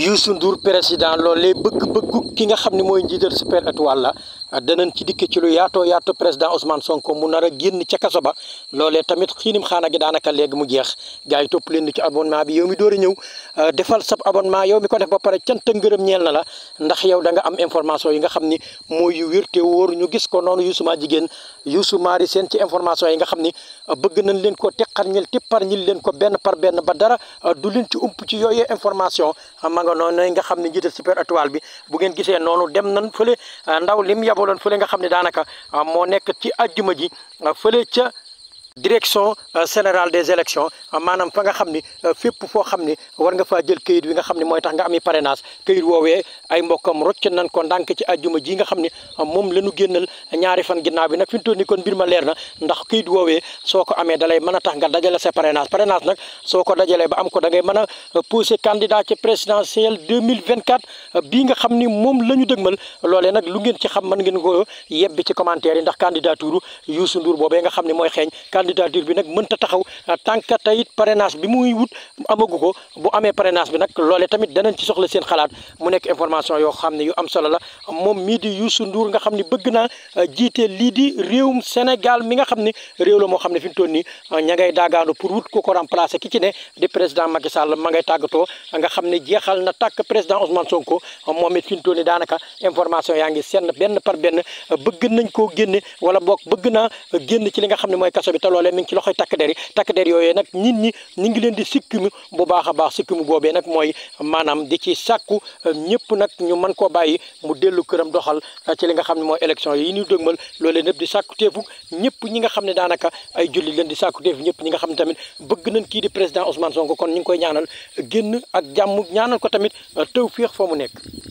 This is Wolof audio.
Youssou Ndour président loolee bëgg-bëggu ki nga xam ne mooy njiital Super Étoile la danañ ci dikke ci lu yaatoo yaatu président son Sonko mu nar a génn ca kaso ba loolee tamit xiinim xaana gi daanaka léegi mu jeex gars yi topp leen ci abonnement bi yow mi door a ñëw euh, defal sab abonnement yow mi ko def ba pare cant ak ngërëm ñeel na la ndax yow da nga am information yi nga xam ni mooy yu wér te ñu gis ko noonu Youssou maa jigéen Youssou Mari seen ci information yi nga xam ni euh, bëgg nañ leen ko teqar ñil tippar ñil leen ko benn par benn ba dara euh, du leen ci ump ci information nga noonu nga xam ne njiital super étoile bi bu ngeen gisee noonu dem nan fële ah, ndaw lim yabaloon fële nga xam ne daanaka ah, moo nekk ci ajjuma ji ah, fële a direction euh, générale des élections euh, maanaam fa nga xam ni euh, fépp foo xam ni war nga faa jël kayit bi nga xam ni mooy tax nga ami parrainage këyit woowee ay mbokkam rocc nañ ko ndànk ci ajjuma ji nga xam ni moom la ñu génnal ñaari fan ginnaaw bi nag fi mu toll nii kon mbir ma leer na ndax këyit woowee soo ko amee dalay mën a tax nga dajale sa parrainage parrainage nag soo ko dajalee ba am ko da mën a pousser candidat ci présidentielle 2024 bii nga xam ni la ñu dëgmal loolee nag lu ngeen ci xam mën ngeen ko yebbi ci commentaire yi ndax candidature Youssou Ndour boobee nga xam ni mooy xeeñ candidature bi nag mënta taxaw euh, tant que tey parrainage bi muy wut amagu ko bu amee parrainage bi nag loolee tamit danañ ci soxla seen xalaat mu nekk information yoo xam ne yu am solo moom mii di Youssou Ndour nga xam ne bëgg naa euh, jiite lii di Sénégal mi nga xam ne réew la moo xam ne fi mu toll nii euh, ña ngay wut ku ko remplacer ki ci ne di président Macky Sall ma ngay tàggatoo nga xam ne jeexal na tàkk président Ousmane Sonko moom it fi mu daanaka information loolee mi ngi ci loxoy takk der yi takk der yooyee nag nit ñi ñu ngi leen di sikkimu bu baax a baax sikkimu boobee nag mooy maanaam di ci sàkku euh, ñëpp nag ñu mën koo bàyyi mu dellu këram doxal euh, ci li nga xam ne mooy élection yi ñu dëgmal loolee ñëpp di sàkku teefu ñëpp ñi nga xam ne daanaka ay julli leen di sàkku teefu ñëpp ñi nga xam ne tamit bëgg nañ kii di président Ousmane Sonko kon ñu ngi koy ñaanal génn ak jàmm ñaanal ko tamit euh, tawféex fa mu nekk